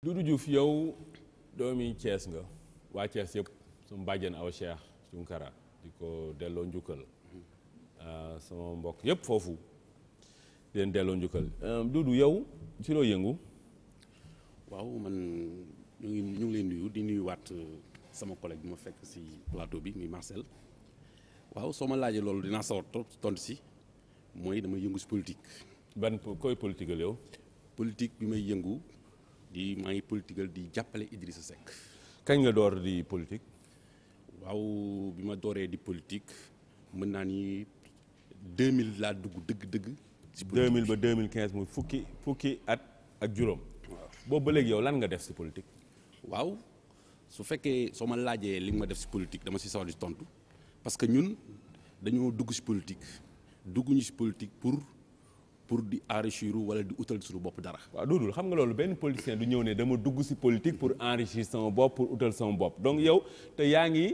Doudou Diouf yow doomi Cees nga waa Cees yëpp sumu bàjjen aw Cheikh Tunkara di ko delloo njukkal ah, sama mbokk yëpp foofu leen delloo njukkal ehm, Doudou yow ci loo yëngu waaw man ñu ngi ñu ngi leen nuyu di nuyuwaat uh, sama collègue bi ma fekk si plateau bi muy Marcel waaw soo ma laajee loolu dinaa sawar tontu si mooy dama yëngu si politique ban koy politique yow politique bi may yëngu di maa ngi politikal di jàppale Idrissa Seck. kañ nga door di politique. waaw bi ma dooree di politique mën naa ni 2000 laa dugg dëgg-dëgg. ci 2000 ba 2015 muy fukki fukki at ak juróom. waaw boobu ba yow lan nga def si politique. waaw su fekkee soo ma laajee li nga ma def si politique dama si sawar di tontu parce que ñun dañoo dugg si politique dugguñu si politique pour. pour di enrichir wala di utal suñu bopp dara. waaw doodul xam nga loolu benn politicien du ñëw ne dama dugg si politique pour enrichir sama bopp pour utal sama bopp donc yow te yaa ngi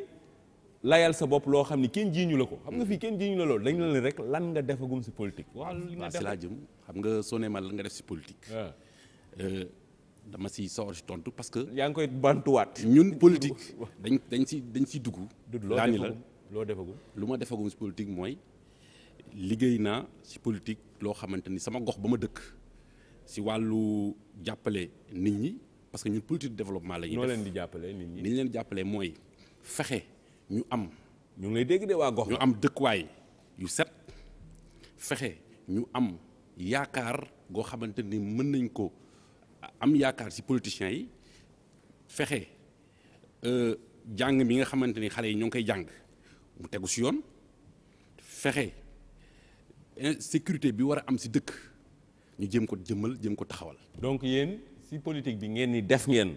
layal sa bopp loo xam ni kenn jiiñu la ko. xam nga fii kenn jiiñu la loolu dañ la rek lan nga defagum ci politique. waaw waaw laa jëm xam soo nee ma lan nga def ci politique. Ah. Euh, dama si sawar si tontu parce que. yaa ngi koy bantuwaat. ñun politique dañ dañ si dañ si dugg. laa la loo defagum. lu ma defagum si politique mooy. liggéey naa ci politique loo xamante ni sama gox ba ma dëkk si wàllu jàppale nit ñi parce que ñun politique de développement la ñuy leen di jàppale nit ñi. ni ñu leen jàppale mooy fexe ñu am. ñu ngi dégg de waa gox ñu am dëkkuwaay yu set fexe ñu am yaakaar goo xamante ni mën nañ ko am yaakaar ci politiciens yi fexe euh, jàng mi nga xamante ni xale yi ñoo ngi koy jàng mu tegu si yoon fexe. sécurité bi war a am si dëkk ñu jëm ko jëmmal jëm ko taxawal. donc yéen si politique bi ngeen di def ngeen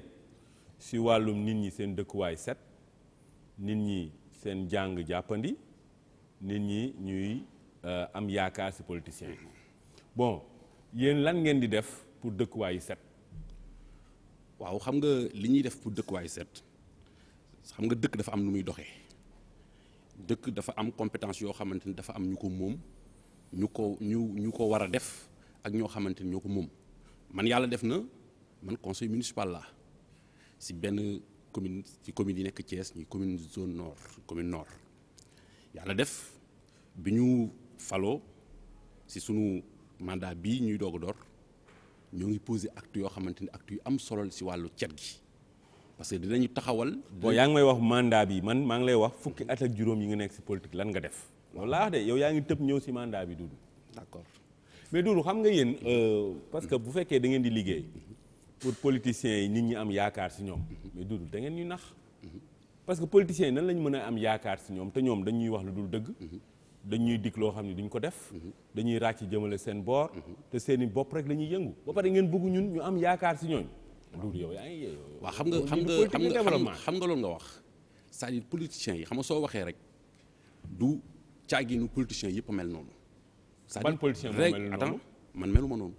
si wàllum nit ñi seen dëkkuwaay set nit ñi seen jàng jàppandi nit ñi ñuy euh, am yaakaar si politiciens bon yéen lan ngeen di def pour dëkkuwaay set. waaw xam nga li ñuy def pour dëkkuwaay set xam nga dëkk dafa am nu muy doxee dëkk dafa am compétence yoo xamante ni dafa am ñu ko moom. ñu ko ñu ñu ko war a def ak ñoo xamante ni ñoo ko moom man yàlla def na man conseil municipal la si benn commune ci commune yi nekk Thiès ñu commune zone nord commune nord yàlla def bi ñu faloo si sunu mandat bii ñuy doog a door ñoo ngi posé acte yoo xamante ni yu am solo si wàllu cet gi parce que dinañu taxawal. boo yaa ngi may wax mandat bi man maa ngi lay wax fukki at ak juróom yi nga nekk si politique lan nga def. loolu laa wax de yow yaa ngi tëb ñëw si mandat bi du d'accord mais Doudou xam nga yéen euh, parce que bu fekkee da ngeen di liggéey pour politiciens yi nit ñi am yaakaar si ñoom mais Doudou da ngeen ñu nax parce que politiciens nan lañ mën a am yaakaar si ñoom te ñoom dañuy wax lu dul dëgg. dañuy dikk loo xam ne duñ ko def. dañuy ràcc jëmale seen boor. te seeni bopp rek la ñuy yëngu. ba pare ngeen bëgg ñun ñu am yaakaar si ñooñ Doudou yow yaa ngi waaw xam nga xam nga xam nga xam nga loolu nga wax cest à yi xam nga soo waxee rek du. caaginu politiciens yëpp mel noonu. ban politicien moo mel noonu attends man meluma noonu.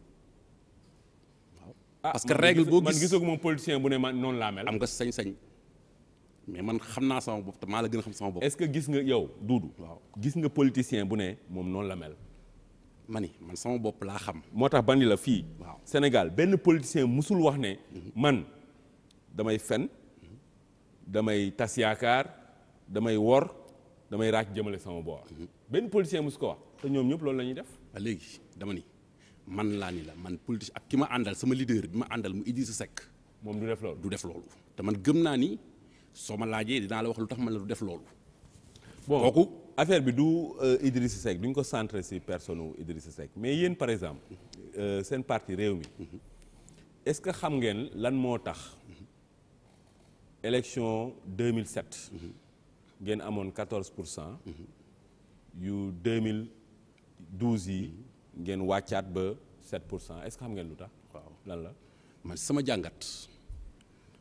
Ah, parce que règle boo gis man gisoo moom politicien bu ne man noonu laa mel. am nga sañ-sañ mais man xam naa sama bopp te la gën a xam est-ce que gis nga yow Doudou. waaw gis nga politicien bu ne moom noonu la mel. ni man sama bopp laa xam. moo tax bandi la fii. waaw Sénégal benn politicien musul wax ne. Mhm. man damay fen mhm. damay tas yaakaar damay wor. damay raaj jëmale sama boor. Mhm. benn politicien mosu ko wax te ñoom ñëpp loolu la def. ba léegi dama ni man laa nii la man politique ak ki ma àndal sama leader bi ma àndal mu Idrissa Seck. moom du def loolu du def loolu. te man gëm naa ni soo ma laajee dinaa la wax lu tax ma la du def loolu. bon kooku affaire bi du euh, Idrissa Seck duñ ko centré ci personne wu Idrissa Seck mais yéen par exemple mhm. euh, seen parti réew mi mhm. est-ce que xam ngeen lan moo tax élection 2007. ngeen amoon quatorze pour cent yu deux mille douze yi ngeen wàccaat ba sept pour cent est-ce que xam ngeen lu tax. waaw lan la man sama jàngat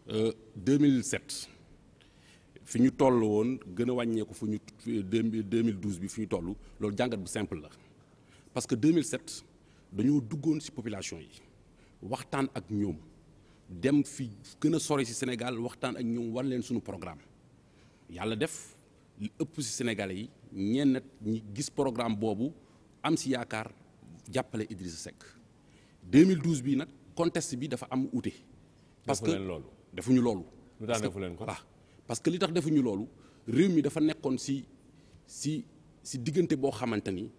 euh, deux mille sept fi ñu toll woon gën a wàññeeku fu ñu deux mille douze bi fi ñu toll loolu jàngat bu simple la parce que deux mille sept dañoo duggoon ci population yi waxtaan ak ñoom dem fi gën a sori si Sénégal waxtaan ak ñoom war leen suñu programme. yàlla def li ëpp si Sénégalais yi ñenn ñi gis programme boobu am si yaakaar jàppale Idrissa Seck 2012 bi nag contexte bi dafa am uute. parce que defuñu loolu. lu tax defu leen ko parce que li tax defuñu loolu réew mi dafa nekkoon si si si diggante boo xamante ni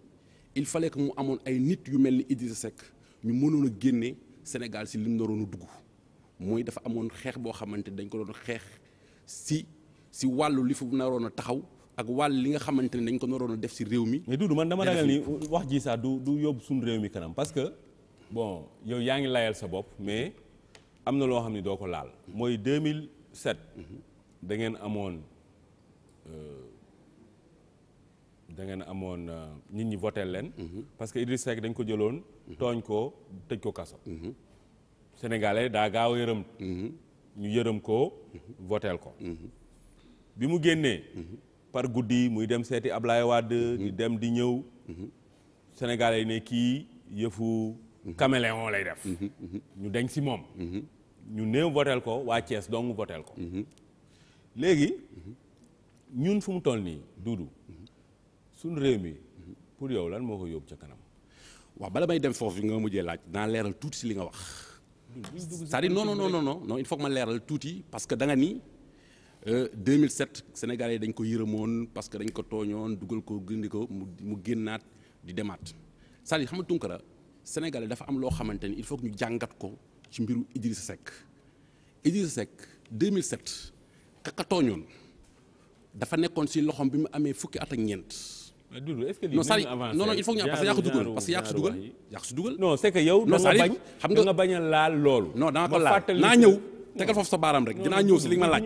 il fallait que mu amoon ay nit yu mel ni Idrissa Seck ñu mënoon a génne Sénégal si lim naroon a dugg mooy dafa amoon xeex boo xamante dañ ko doon xeex ci. si wàllu li fu naroon a taxaw ak wàll li nga xamante ne dañ ko naroon def si réew mi. mais Doudou man dama ragal ni wax jii sax du du yóbbu suñu réew mi kanam parce que bon yow yaa ngi layal sa bopp mais am na loo xam ne doo ko laal. mooy 2007. da ngeen amoon euh, da ngeen amoon euh, nit ñi voté leen. Mhm. parce que Idriss Seck dañ ko jëloon. Mhm. tooñ ko tëj ko kaso. Mhm. Sénégalais daa gaaw a yërëm. ñu yërëm ko votel ko. bi mu génnee par guddi muy dem seeti Ablaye Wade di mhm. dem di ñëw mhm. sénégalais yi ne kii yëfu mhm. caméléon lay def ñu dañ si moom ñu néew voteel ko waa cees dong voteel ko léegi ñun fu mu toll nii duudu suñu réew mi pour yow lan moo ko yóbbu ca kanam waaw bala may dem foofu nga mujjee laaj naa leeral tuuti si li nga wax c'est-à-dire non non non non il faut ma leeral tuuti parce que da nii 2007 euh, Sénégalais yi dañ ko yërëmoon parce que dañ ko tooñoon dugal ko gindi ko mu mu génnaat di demaat c'est-à-dire xam nga Tunkara Sénégalais dafa am loo xamante ni il faut ñu jàngat ko ci mbiru Idrissa Seck Idrissa Seck 2007 kaka tooñoon dafa nekkoon si loxoom bi mu amee fukki at ak ñeent. mais Doudou est-ce que non non parce que yaa ko dugal parce si dugal. non c'est que yow. non da nga xam nga da bañ laal loolu. non da ko laal naa ñëw. tegal foofu sa baaraam rek dinaa ñëw si li nga laaj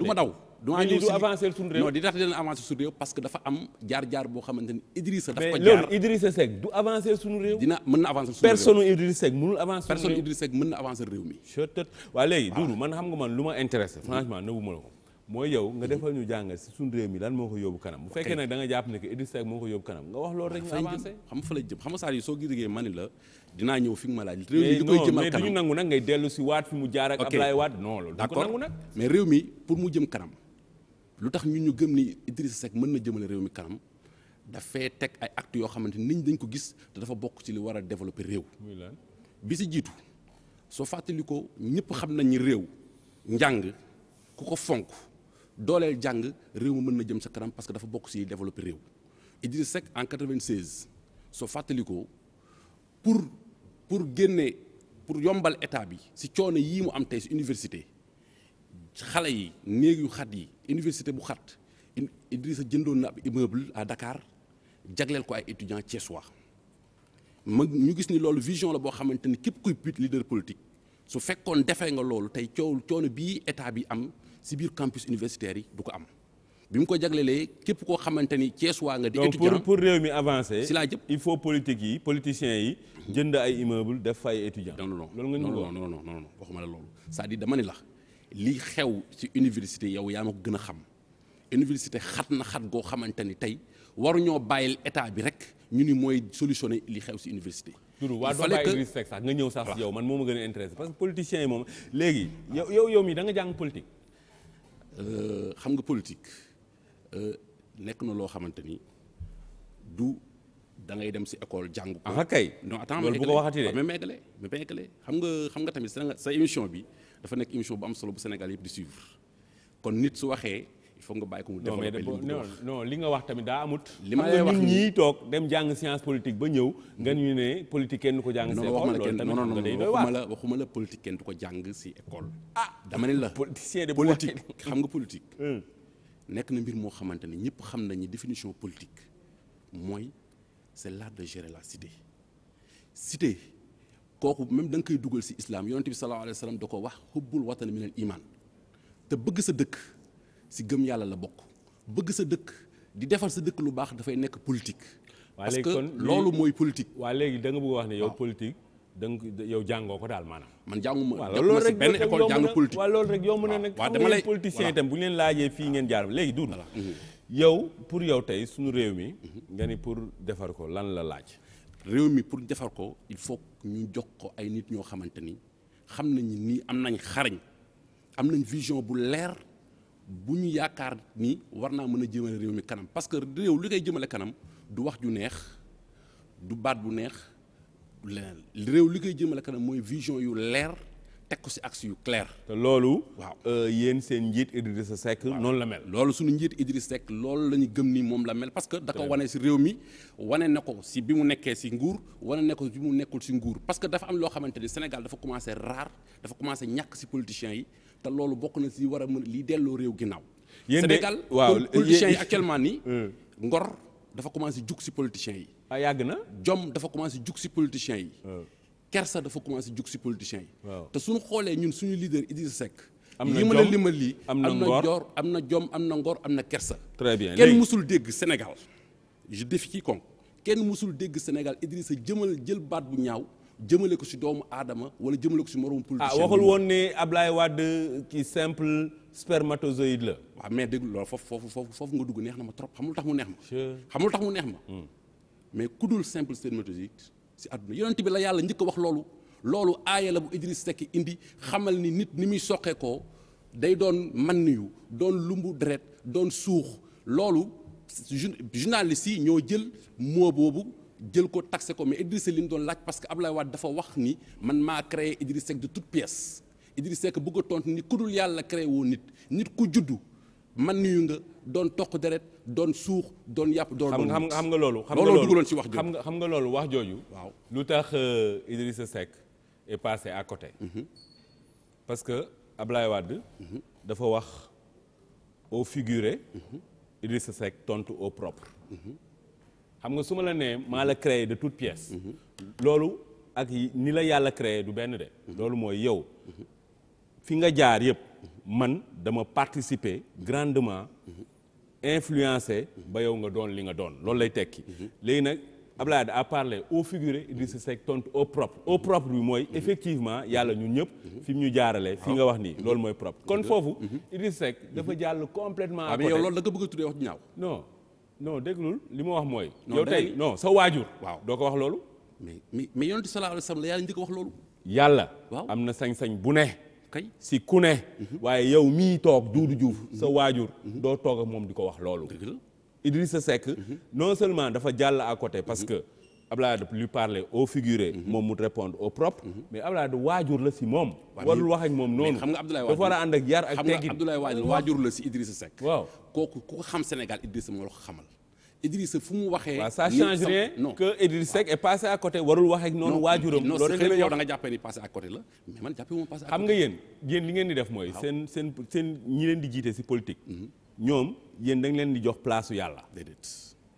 du ma daw dumaa ñëw si non di tax dina avancer suñu réew parce que dafa am jaar-jaar boo xamante ni Idrissa daf ko jaar loolu Idrissa Seck du avancer suñu réew dina mën na avancer suñu réew personne Idrissa Seck mën na avancer réew mi waaw léegi ah. Doudou man xam nga man lu ma intéressé franchement nëbbu ma la mooy yow nga mhm. defal ñu jàngal si suñu réew mi lan moo ko yóbbu kanam bu fekkee nag da nga jàpp ne que Idrissa Seck moo ko yóbbu kanam nga wax loolu rek ñu avancé xam nga fa la jëm xam la dinaa ñëw fi nga ma laaj réew mi li koy jëmal kanam mais duñu nangu nag dellu si waat mu jaar ak Ablaye Wade non loolu duñu ko nangu nag mais réew mi pour mu jëm kanam lu tax ñu ñu gëm ni Idrissa Seck mën na jëmale réew mi kanam dafay teg ay actes yoo xamante ni dañ ko gis te dafa bokk ci li war a développer réew bi si jiitu soo fàttali ko ñëpp xam nañ ni réew njàng ku ko fonk dooleel jàng réew mi mën na jëm sa kanam parce que dafa bokk si développé réew Idriss Seck en 96 soo fàttalikoo pour pour génne pour yombal état bi si coono yii mu am tey si université xale yi néeg yu xat yi université bu xat sa jëndoon na ab immeuble à Dakar jagleel ko ay étudiants thiessois ma ñu gis ni loolu vision la boo xamante ni képp kuy put leader politique su fekkoon defee nga loolu tey coow coono bii état bi am. si biir campus universitaire yi du ko am bi mu ko jagleelee képp koo xamante ni Cees waa nga di étudiant donc pour réew mi avancer si laa jëm il faut politique yi politiciens yi jënd ay immeuble def fa ay étudiant non non non non non non waxuma la loolu c'est-à-dire dama ni la li xew si université yow yaa ma ko gën a xam université xat na xat goo xamante ni tey waruñoo bàyyil état bi rek ñu ni mooy solutionner li xew ci université. Doudou waa doo bàyyi Idriss moo ma gën a intéressé parce que politiciens yi moom léegi politique. Euh, xam nga politique euh, nekk na loo xamante ni du da ngay dem si école jàng. ah kay non attends loolu bu ko waxati de mais eggale mais eggale xam nga xam nga tamit sa émission bi dafa nekk émission bu am solo bu Sénégal yëpp di suivre kon nit su waxee. foog nga bàyyi ko mu développé non non li nga wax tamit daa amut li ma lay wax nit ñi toog dem jàng science politique ba ñëw nga ñu ne politique kenn du ko jàng si école loolu tamit non non waxuma la waxuma la politique du ko jàng si école ah dama ne la politicien de politique xam nga politique nekk na mbir moo xamante ne ñëpp xam nañu définition politique mooy c'est l'art de gérer la cité cité kooku même da nga koy dugal si islam yonent bi sallallahu alayhi wa sallam da ko wax xubbul watan minal iman te bëgg sa dëkk si gëm yàlla la bokk bëgg sa dëkk di defar sa dëkk lu baax dafay nekk politique. parce que loolu mooy waa léegi da nga bëgg wax ne yow politique. donc yow jàngoo ko daal maanaam. man jànguma waaw loolu rek benn école jàng politique waaw loolu rek yomb na nag. waaw dama lay politicien itam bu leen laajee fii ngeen jaar léegi duur. Mhm. yow pour yow tey suñu réew mi. Mhm. nga ni pour defar ko lan la laaj. réew mi pour defar ko il faut ñu jox ko ay nit ñoo xamante ni xam nañu ni am nañ xarañ am nañ vision bu leer. bu ñu yaakaar ni war naa mën a jëmale réew mi kanam parce que réew li koy jëmale kanam du wax ju neex du baat bu neex leneen réew li koy jëmale kanam mooy vision yu leer teg ko si axe yu clair. te loolu. waaw euh, yéen seen njiit Idrissa Seck. noonu la mel loolu suñu njiit Idrissa Seck loolu la ñu gëm ni moom la mel parce que. da ko wane si réew mi wane na ko si bi mu nekkee si nguur wane na ko bi mu nekkul si nguur parce que dafa am loo xamante ni Sénégal dafa commencé raar dafa commencé ñàkk si politiciens yi. te loolu bokk na si war a mën lii delloo réew ginnaaw. yéen Sénégal waaw politiciens yi actuellement nii. Hmm. ngor dafa commencé jug si politiciens yi. ah yàgg na. jom dafa commencé jug si politiciens yi. Hmm. kersa dafa commencé jug si politiciens yi. te suñu xoolee ñun suñu leader Idrissa Seck. am na jom ma la limal lii am na ngor am na jom am na ngor am na kersa. très bien kenn mosul dégg Sénégal je défie quiconque kenn musul dégg Sénégal sa jëmal jël baat bu ñaaw. jëmale ko si doomu aadama wala jëmale ko si moromu politicien. ah waxul woon ne Ablaye Wade kii simple spermatozoïde la. waaw ah, mais dégg loolu foofu foofu foofu nga dugg neex na ma trop xamul tax mu neex ma. tax mu neex ma. Hmm. mais ku dul simple spermatozoïde si àdduna yonent bi la yàlla njëkk wax loolu. loolu aaya la bu Idriss Seck indi xamal ni nit ni muy soqee ko day doon man yu doon lumbu dret doon suux loolu journaliste yi ñoo jël moo boobu. jël ko taxé ko mais Idrissa li mu doon laaj parce que Abdoulaye Wade dafa wax ni man maa créé Idrissa Seck de toute pièce Idrissa Seck bëgg tontu ni ku dul yàlla créé woo nit nit ku juddu man niyu nga doon toq deret doon suux doon yàpp doon xam nga xam nga loolu xam nga loolu dugaloon ci wax jooju xam nga xam nga loolu wax jooju waaw lu tax euh, Idrissa Seck est passé à côté mhm. parce que Abdoulaye Wade mhm. dafa wax au figuré mhm. Idrissa Seck tontu au propre xam nga su ma la nee maa la créé de toute pièce. loolu ak ni la yàlla créé du benn de. loolu mooy yow fi nga jaar yëpp man dama participer grandement influencé ba yow nga doon li nga doon loolu lay tekki. léegi nag Abdoulaye a parlé au figuré Idrissa Seck tontu au propre au propre bi mooy effectivement yàlla ñun ñëpp fi mu ñu jaarale fi nga wax nii loolu mooy propre kon foofu Idrissa Seck dafa jàll complètement à ah, loolu da nga bëgg a tuddee wax ñaaw non déglul li ma wax mooy. yow tey non sa waajur. waaw doo ko wax loolu. mais mais yonent sallallahu alayhi wa sallam yàlla ko wax loolu. yàlla. waaw am na sañ-sañ bu ne. kay si ku ne. Mhm. waaye yow mii toog juudu Diouf mhm. sa waajur. Mhm. doo toog a moom di ko wax loolu. sa Seck non seulement dafa jàll à côté parce que. Abdoulaye Wade lui parler au figuré. Mhm. moom mu répondre au propre. Mhm. mais Abdoulaye Wade waajur la si moom. warul wax ak moom noonu. xam war a ànd ak yar ak teggin. xam nga Abdoulaye Wade waajur la si Idrissa Seck. waaw kooku ku xam Sénégal Idrissa moo la ko xamal. Idrissa fu mu waxee. waaw ça que Idrissa Seck est passé à côté warul wax noonu. waajuram loolu xëy na da nga jàppee ni passé à côté la mais man jàppee moom passé à côté. xam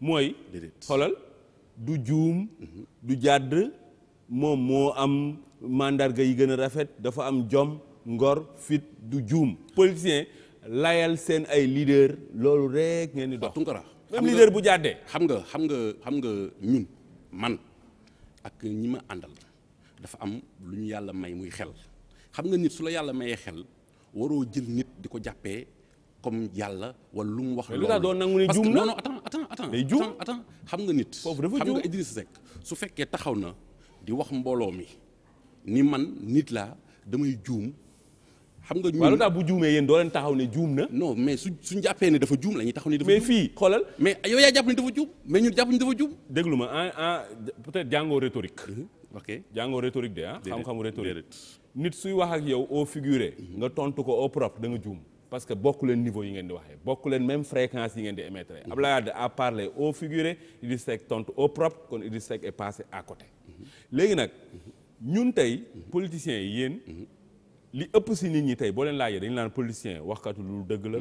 mooy. seen du juum du jàdd moom moo am màndarga yi gën a rafet dafa am jom ngor fit du juum politicien layal seen ay leader loolu rek ngeen ni dox Tunkara même bu jàddee xam nga xam nga xam nga ñun man ak ñi ma àndal dafa am lu ñu yàlla may muy xel xam nga nit su la yàlla mayee xel waroo jël nit di ko jàppee comme yàlla wala lu mu wax loolu lu doon nangu ne juum na attends attends day juum attends xam nga nit. foofu dafa juum nga Idriss Seck su fekkee taxaw na di wax mbooloo mi ni man nit laa damay juum. xam nga ñun waaw lu tax bu juumee yéen doo leen taxaw ne juum na. no mais su suñ jàppee ne dafa juum la ñuy taxaw ne dafa juum mais fii xoolal. mais yow yaa jàpp ne dafa juum mais ñun jàpp ne dafa juum. déglu ma ah ah peut-être jàngoo rhétorique. Mm-hmm. ok jàngoo rhétorique de ah. xam-xamu rhétorique nit suy wax ak yow o figuré. nga tontu ko au propre da juum. parce que bokk leen niveau yi ngeen di waxee bokk leen même fréquence yi ngeen di émettre mhm. Abdoulaye Wade a parlé au figuré Idriss Seck tontu au propre kon Idriss Seck est passé à côté mhm. léegi nag mhm. ñun tey politiciens yi yéen li ëpp si nit ñi tey boo leen laajee dañu naan politicien waxkatu lu dëgg la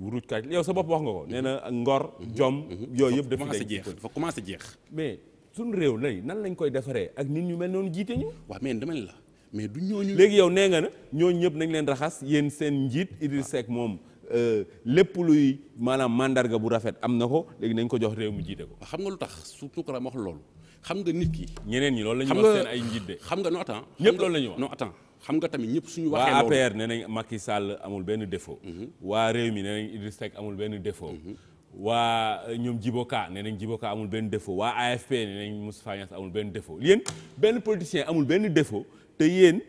wurujkat yow sa bopp wax nga ko nee na ngor jom yooyu yëpp dafa jeex dafa commencé jeex mais suñu réew lay nan lañ koy defaree ak nit ñu mel noonu jiite ñu waaw mais dama la mais du ñooñu. léegi yow nee nga na ñooñ ñëpp nañ leen raxas yéen seen njiit Idriss Seck moom euh, lépp luy maanaam mandarga bu rafet am na ko léegi nañ ko jox réew mu jiite ko. xam nga lu tax surtout que wax loolu xam nga nit ki. ñeneen ñi loolu la ñuy wax seen ay njiit de. xam nga non attends ñëpp loolu la ñuy wax non attends xam nga tamit ñëpp suñu. waxee loolu waa APR nee nañ Macky Sall amul benn defo mhm. waa réew mi nee nañ Idriss mhm. euh, amul benn défaut. waa ñoom Djiboka nee nañ Djiboka amul benn défaut waa AFP nee nañ Moustapha Niasse amul benn défaut yéen benn politicien amul benn défaut te yéen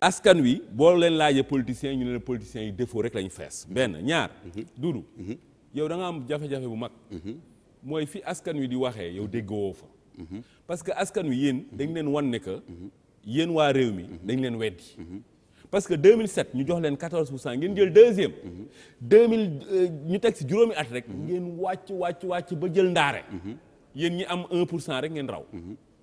askan wi boo leen laajee politiciens ñu ne leen politiciens yi défaut rek lañu fees benn ñaar. Mhm. Doudou. Mhm. yow danga am jafe-jafe bu mag. Mhm. mooy fi askan wi di waxee yow déggoo fa. parce que askan wi yéen dañ leen wan ne que. yéen waa réew mi dañ leen weddi. parce que 2007 ñu jox leen 14 pour cent ngeen jël deuxième. 2000 euh, ñu teg si juróomi at rek. ngeen wàcc wàcc wàcc ba jël ndaare. yéen ñi am un pour cent rek ngeen raw.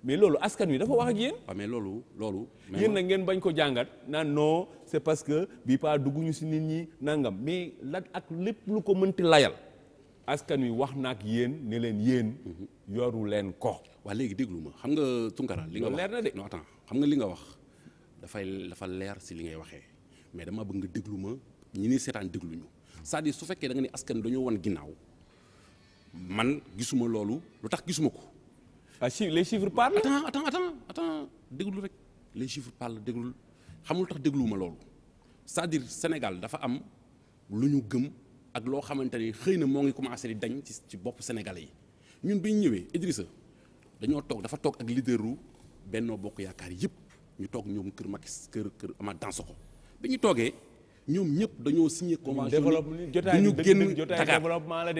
mais loolu askan wi dafa wax ak yéen. waaw ah, mais loolu loolu. yéen nag ngeen bañ ko jàngat naan non c'est parce que bii pas dugguñu si nit ñi nangam mais la ak lépp lu ko mënti layal askan wi wax na ak yéen ne leen yéen. Mhm. yoru leen ko. waa léegi déglu ma xam nga Tunkara. li nga wax leer na de xam nga li nga wax dafay dafa leer si li ngay waxee mais dama bëgg nga déglu ma ñu ni seetaan déglu ñu cest à su fekkee da nga ne askan dañoo wan ginnaaw man gisuma loolu lu tax gisuma ko. ah si les chiffres parlent. attends attends attends attends déglu rek les chiffres parlent déglul xamul tax dégluwuma loolu c'est-à-dire Sénégal dafa am lu ñu gëm ak loo xamante ni xëy na moo ngi commencé di dañ ci ci bopp sénégalais yi ñun bi ñu ñëwee Idrissa dañoo toog dafa toog ak leaderu Benno Bokk Yaakaar yëpp ñu toog ñoom kër Macky kër kër Amath Dansokho bi ñu toogee. ñoom ñëpp dañoo signé convention bi ñu génn Dakar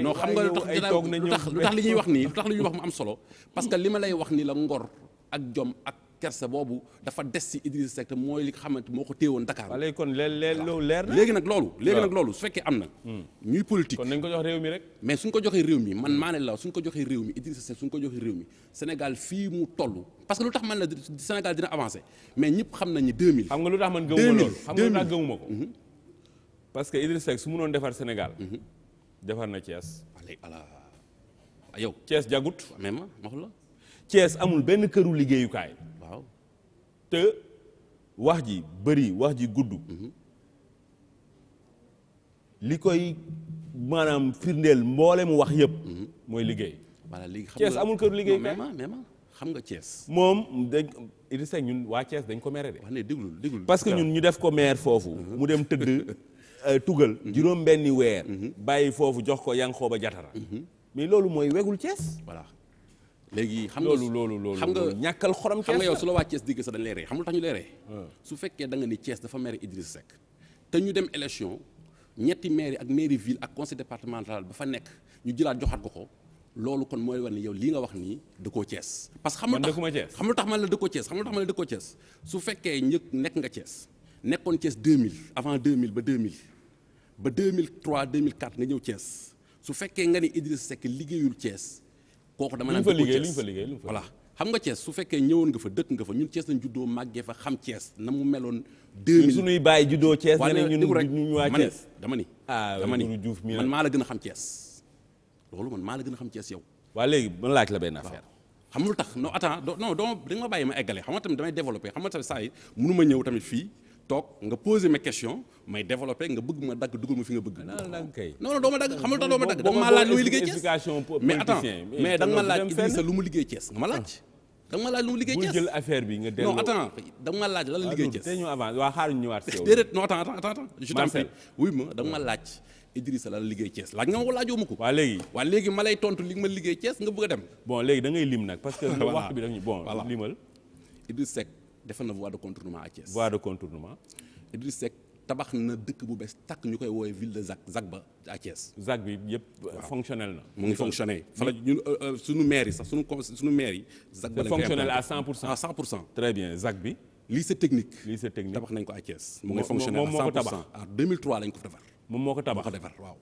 non xam nga lu tax lu tax li ñuy wax nii lu tax li ñuy wax mu am solo parce que li ma lay wax ni la ngor ak jom ak kersa boobu dafa des si Idrissa Seck te mooy li nga moo ko téewoon Dakar léegi kon leer na léegi nag loolu léegi su fekkee am na hmm. ñuy politique kon nañ ko jox réew mi rek mais suñ ko joxee réew mi man hmm. maa ne la suñ ko joxee réew mi Idrissa Seck suñ ko joxee réew mi Sénégal fii mu toll parce que lu tax man la Sénégal dina avancé mais ñëpp xam nañu 2000 xam ko hmm. parce que Idriss Seck su mënoon defar Sénégal. Mhm. defar na cees ala cees Thiès jagut. même ma la. Thiès amul benn këru liggéeyukaay. waaw te wax ji bëri wax ji gudd. Mhm. li koy maanaam firndeel mu wax yëpp. Mhm. mooy liggéey. voilà léegi xam nga Thiès amul këru liggéeyukaay non xam nga Thiès. moom dañ Idriss Seck ñun waa Thiès dañ ko mere de. wax ne déglul déglul parce que ñun ñu def ko maire foofu. mu dem tëdd. Euh, tugal mhm. juróom benni weer mhm. bàyyi foofu jox ko ba jatara mhm. mais loolu mooy wegul Thiès voilà léegi xam nga loolu loolu loolu xam nga ñàkkal xorom xam nga yow su la waa Thiès digg sax dañ lay rey xam lu tax ñu lay rey su fekkee da nga ni Thiès dafa maire Idrissa Seck te ñu dem élection ñetti maire ak mairie ville ak conseil départemental ba fa nekk ñu jëlaat joxaat ko ko loolu kon mooy war ni yow lii nga wax nii dëkkoo cees parce que xam nga tax xam nga tax man la dëkkoo Thiès xam nga tax man la dëkkoo Thiès su fekkee ñëkk nekk nga cees nekkoon Thiès 2000 avant 2000 ba 2000 ba 2003 2004 nga ñëw Thiès su fekkee nga ne Idriss Seck liggéeyul Thiès. kooku dama naan dëkku Thiès voilà xam nga Thiès su fekkee ñëwoon nga fa dëkk nga fa ñun Thiès lañ juddoo màggee fa xam Thiès na mu meloon. 2000 ñun suñuy bàyyi juddoo Thiès. waaw nee ñun ñu waa Thiès dama ni ah, dama ni man maa la gën a xam Thiès loolu man maa la gën a xam Thiès yow. waa léegi ma laaj la benn affaire. xam nga lu tax non attends non non da nga ma bàyyi ma eggale xam nga tamit damay développé xam nga tamit saa yi mënu ma ñëw tamit fii toog nga posé ma question may développé nga bëgg ma dagg dugal ma fi nga bëgg. Ah, non non doo ma dagg xam nga doo dagg. da ah. laaj lu mu liggéey Thiès nga ma laaj. da liggéey Thiès bul jël affaire bi nga la ah, liggéey Thiès. waaw avant waaw xaaral ñu ñëwaat si déedéet non attends attends je t'en wuy ma da ma laaj Idrissa lan la liggéey Thiès laaj nga ma ko laajoo ma ko. waaw léegi waaw léegi ma lay tontu liggéey Thiès nga bëgg a dem. bon léegi da lim nag parce waxtu bi daf ñu bon limal Idrissa Seck defal na voie de contournement à Thiès. de contournement. Idriss Seck tabax na dëkk bu bees tàkk ñu koy wooye ville de Zac Zac ba bi yëpp fonctionnel na. mu ngi fonctionné fa la ñun euh, euh, suñu maire yi sax suñu con suñu maire yi. Zac ba fonctionnel à 100 pour cent à ah, pour cent. très bien Zac bi. lycée technique. lycée technique tabax nañ ko à Thiès. mu ngi fonctionnel à 100 pour cent à moom moo ko tabax moo ko defar waaw.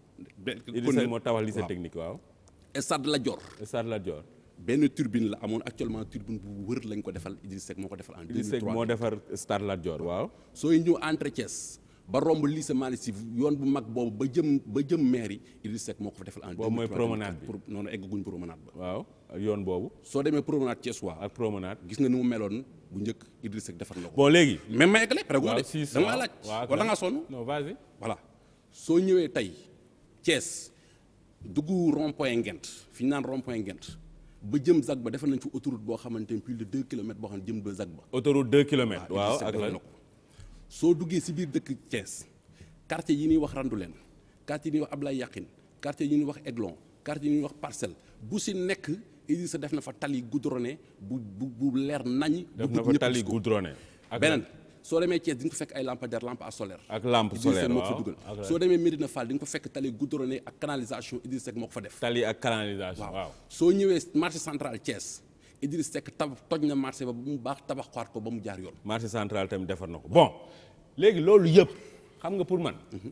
Idriss Seck moo tabax lycée technique waaw. stade Lat Dior. stade benn turbine la amoon actuellement turbine bu wër lañ ko defal Idrissa Seck moo ko defal en 2003 Idrissa Seck moo defar Stade Lat Dior waaw ñëw entre Thiès ba romb lycée Malick Sy yoon bu mag boobu ba jëm ba jëm mairie Idrissa Seck moo ko fa en 2003 boobu mooy promenade bi noonu eggaguñ promenade ba waaw yoon boobu soo demee promenade Thiès waa ak promenade gis nga ni mu meloon bu njëkk Idrissa Seck defar na ko bon léegi ma eggale pare laaj wala da ngaa sonn non vas-y soo ñëwee tey Thiès dugg rond Ngent fi ñu naan rond-point Ngent ba jëm ZAC ba defal nañ fi autoroute boo xamante ni plus de 2 kilomètres boo xam ne jëm ba ZAC ba. autoroute 2 kilomètres. Ah, waaw ak lan soo duggee si biir dëkk Thiès quartier yi ñuy wax Randoulène quartier yi ñuy wax Ablaye Yakhine quartier yi ñuy wax Aiglon quartier yi ñuy wax Parcelles bu si nekk Idrissa def na fa tali goudronné bu bu bu leer nañ. bu dugg ñëpp def na fa tali goudronné. beneen. soo demee Thiès di nga ko fekk ay lampadaire lampe à solaire ak lampe solaire fa dugal soo demee Médina Fall di nga ko fekk tali goudronné ak canalisation Idriss Seck moo ko fa def tali ak canalisation waaw soo ñëwee marché central Thiès Idriss Seck tab toj na marché ba bu mu baax tabax xaat ko ba mu jaar yoon marché central tamit defar na ko bon léegi loolu yëpp xam nga pour man mhm.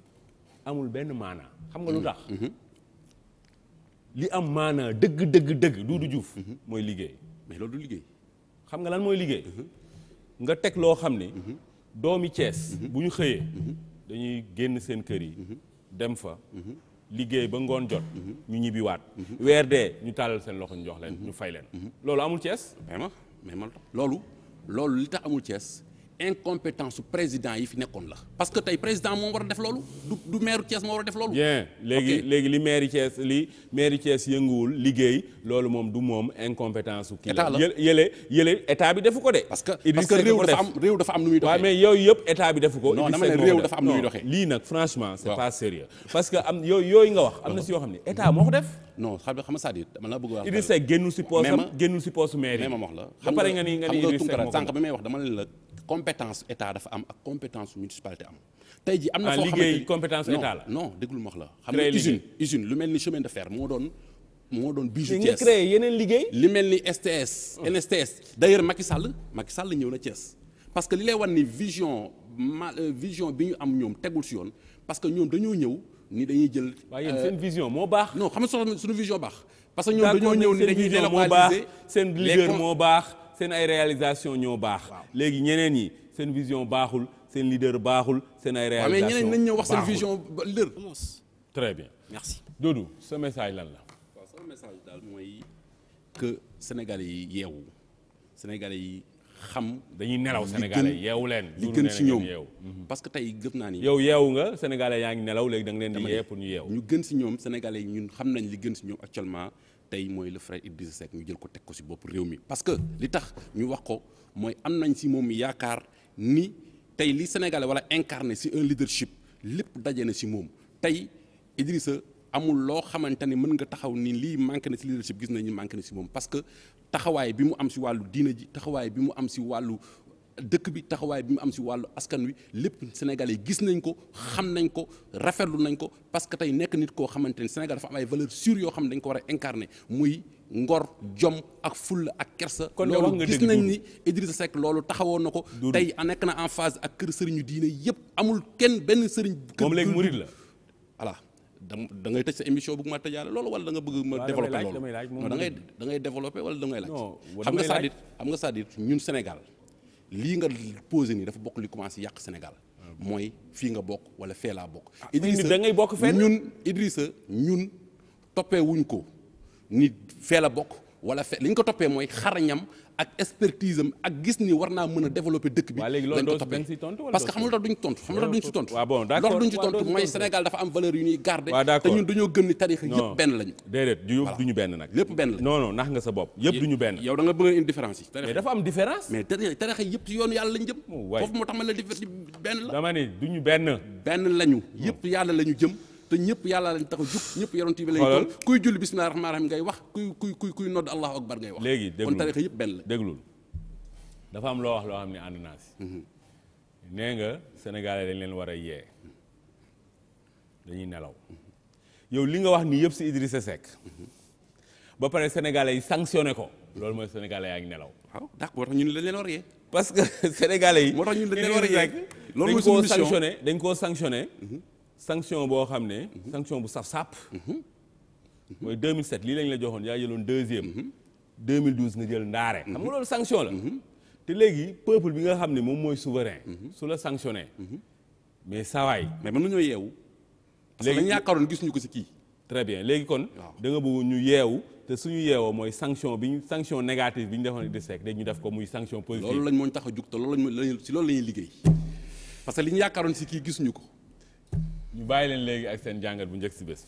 amul benn maanaa xam nga lu mhm. tax mhm. li am maanaa dëgg dëgg dëgg Doudou Diouf mooy liggéey mais loolu du liggéey xam nga lan mooy liggéey nga teg loo xam ni mhm. doomi Cees mhm. bu ñu xëyee mhm. dañuy génn seen kër yi dem fa liggéey ba ngoon jot ñu ñibbi waat weer dee ñu tàllal seen loxo ñu jox leen ñu fay leen loolu amul Cees mais ma mais ma loolu loolu li tax amul Cees incompétence su président yi fi nekkoon la parce que tey président moom war a def loolu du du maire Thiès moo war a def loolu. léegi li maire Thiès li maire Thiès yënguwul liggéey loolu moom du moom incompétence su kii la yële yële état bi defu ko de. parce que parce que réew dafa am réew dafa am nu muy yooyu ko. réew dafa am nu muy doxee lii nag franchement c'est pas sérieux parce que am yooyu yooyu nga wax am na si yoo xam ne état moo ko def. non xam nga xam dama la bëgg wax. ma wax la. la compétence état dafa am ak compétence municipalité am. tey ji am na ah, foo liggéey compétence état la non déglu ma wax la. xam nga usine usine lu mel ni chemin de fer moo doon. moo doon bijou Thiès créé yeneen liggéey. li mel ni STS. NSTS d' ailleurs Macky Sall Macky Sall ñëw na Thiès parce que li lay wan ni vision ma euh, vision bi ñu am ñoom tegul si yoon parce que ñoom dañoo ñëw ni dañuy jël. waaye yéen euh, seen vision moo baax. non xam nga suñu vision baax. parce que ñoom dañoo ñëw ni dañuy délocaliser seen vision moo baax seen liggéey moo baax. seen ay réalisation ñoo baax léegi ñeneen ñi seen vision baaxul seen leader baaxul seen ay réalisation mais ñeneen nañ ñëw wax seen vision leader très bien merci Doudou sa message lan la waaw sama message daal mooy que sénégalais yi yeewu sénégalais yi xam dañuy nelaw sénégalais yeewu leen li gën ci ñoom yeewu mhm. parce que tey gëm naa ni yow yeewu nga sénégalais yaa ngi nelaw léegi da nga leen di yee pour ñu yeewu ñu gën ci ñoom sénégalais yi ñun xam nañ li gën ci ñoom actuellement tey mooy le frère Idrissa Seck ñu jël ko teg ko ci bopp réew mi parce que li tax ñu wax ko mooy am nañ ci moom yaakaar ni tey li Sénégalais wala incarné ci un leadership lépp daje na ci moom tey Idrissa amul loo xamante ni mën nga taxaw ni lii manqué na ci leadership gis nañu manqué na ci moom parce que taxawaay bi mu am ci wàllu diina ji taxawaay bi mu am ci wàllu dëkk bi taxawaay bi mu am si wàllu askan wi lépp Sénégalais gis nañ ko xam nañ ko rafetlu nañ ko parce que tey nekk nit koo xamante ni Sénégal dafa am ay valeurs sûres yoo xam ne dañ ko war a ngor jom ak fulla ak kersa. kon loolu gis nañ ni Idrissa loolu taxawoon na ko. tey nekk na en phase ak kër sëriñu diine yëpp amul kenn benn sëriñ. kër moom léegi murid la voilà. da ngay tëj sa émission nga bëgg ngay da ngay développé wala da ngay laaj ñun Sénégal lii nga pose nii dafa bokk li commencé yàq senegal mooy fii nga bokk wala fee laa bokk. Ah, Idrissa da ngay bokk fenn ñun Idrissa ñun toppee wuñ ko ni fee la bokk wala fe li ko toppee mooy xarañam ak expertise ak gis ni war naa mën a développer dëkk bi. lañ ko toppee parce que xam nga duñ tontu xam nga duñ ci tontu. waaw bon d'accord loolu duñ mooy Sénégal dafa am valeur yu ñuy garder. te ñun dañoo gëm ni tarixa yëpp benn lañu. déedéet yëpp duñu benn nag. lépp benn la non non nax nga sa bopp yëpp duñu benn. yow da bëgg une yi. mais dafa am différence. mais tarixa yëpp yoonu yàlla lañ jëm. Oh, waay moo tax ma la benn la. dama ne duñu benn. benn hmm. jëm te ñëpp yàlla lañ tax ñëpp yonent bi lañ toll kuy julli bismillah rahmaan rahim ngay wax kuy kuy kuy kuy nodd allahu akbar dafa am loo wax loo xam ne ànd naa mhm. nga sénégalais dañ leen war a yee dañuy nelaw yow li nga wax nii yëpp si sa Seck mhm. ba pare sénégalais yi sanctionné ko loolu mooy sénégalais yaa ngi nelaw waaw d'accord ñun dañ leen war a yee parce que sénégalais yi moo tax ñun dañ leen war yee loolu mooy suñu dañ koo sanctionné mhm. sanction boo xam ne. sanction bu saf sàpp. mooy 2007 lii lañ la joxoon yaa jëloon deuxième. 2012 nga jël ndaare. xam nga loolu sanction la. te léegi peuple bi nga xam ne moom mooy souverain. su la sanctionné. mais sawaay mais mën nañoo yeewu. léegi parce que yaakaaroon gisuñu ko si kii. très bien léegi kon. da nga bëgg ñu yeewu. te suñu yeewoo mooy sanction bi ñu sanction négative bi ñu defoon di seek léegi ñu def ko muy sanction positive. loolu lañ moo tax a jug te loolu lañ si loolu la ñuy liggéey. parce que li ñu yaakaaroon si kii ko. ñu bàyyi leen léegi ak seen jàngat bu njëkk si bés